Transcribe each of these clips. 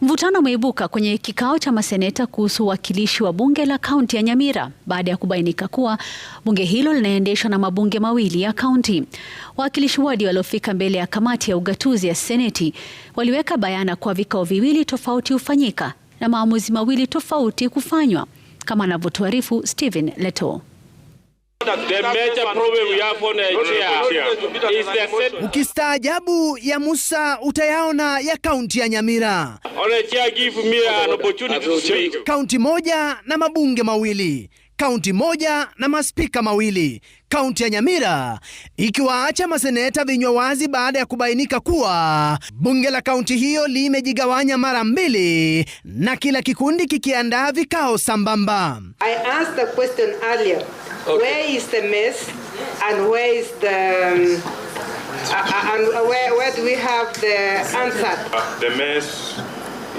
Mvutano umeibuka kwenye kikao cha maseneta kuhusu uwakilishi wa bunge la kaunti ya Nyamira baada ya kubainika kuwa bunge hilo linaendeshwa na mabunge mawili ya kaunti. Wawakilishi wadi waliofika mbele ya kamati ya ugatuzi ya Seneti waliweka bayana kwa vikao viwili tofauti hufanyika na maamuzi mawili tofauti kufanywa, kama anavyotuarifu Stephen Leto. Ukistaajabu ya Musa utayaona ya kaunti ya Nyamira, kaunti moja na mabunge mawili kaunti moja na maspika mawili. Kaunti ya Nyamira ikiwaacha maseneta vinywa wazi baada ya kubainika kuwa bunge la kaunti hiyo limejigawanya mara mbili na kila kikundi kikiandaa vikao sambamba. I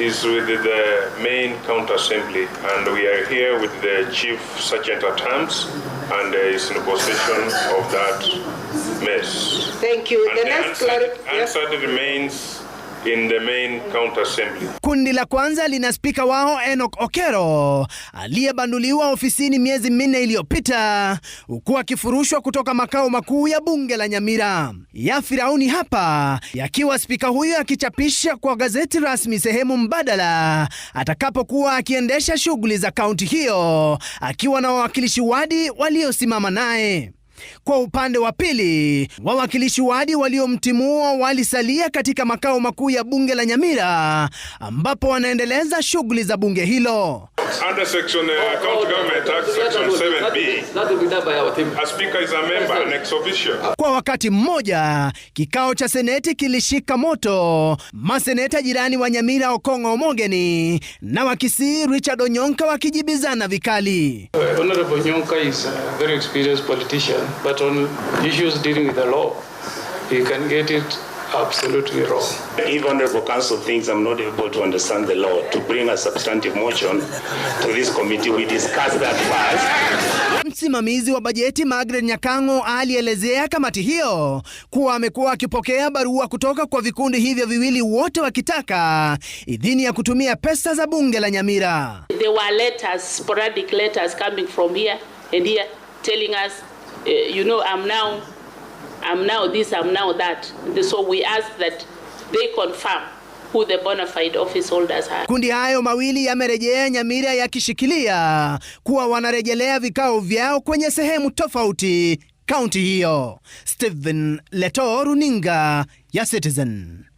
is with the main counter assembly, and we are here with the chief sergeant at arms, and uh, is in possession of that mess. Thank you. And the, the next answer, answer yes. remains In the main county assembly. Kundi la kwanza lina spika wao Enoch Okero aliyebanduliwa ofisini miezi minne iliyopita huku akifurushwa kutoka makao makuu ya bunge la Nyamira. Ya Firauni hapa yakiwa spika huyo akichapisha kwa gazeti rasmi sehemu mbadala atakapokuwa akiendesha shughuli za kaunti hiyo akiwa na wawakilishi wadi waliosimama naye. Kwa upande wa pili, wawakilishi wadi waliomtimua walisalia katika makao makuu ya bunge la Nyamira ambapo wanaendeleza shughuli za bunge hilo. Uh, Kwa wakati mmoja, kikao cha seneti kilishika moto, maseneta jirani wa Nyamira Okong'o Omogeni na wakisii Richard Onyonka wakijibizana vikali. Honorable is a very experienced politician but on issues dealing with the law, you can get it absolutely wrong. If Honorable Council thinks I'm not able to understand the law, to bring a substantive motion to this committee, we discuss that first. Msimamizi wa bajeti Margaret Nyakango alielezea kamati hiyo kuwa amekuwa akipokea barua kutoka kwa vikundi hivyo viwili, wote wakitaka idhini ya kutumia pesa za bunge la Nyamira. There were letters, sporadic letters coming from here and here telling us uh, you know, I'm now, I'm now this, I'm now that. So we ask that they confirm who the bona fide office holders are. Kundi hayo mawili yamerejea Nyamira yakishikilia kuwa wanarejelea vikao vyao kwenye sehemu tofauti kaunti hiyo. Stephen Leto, runinga ya Citizen.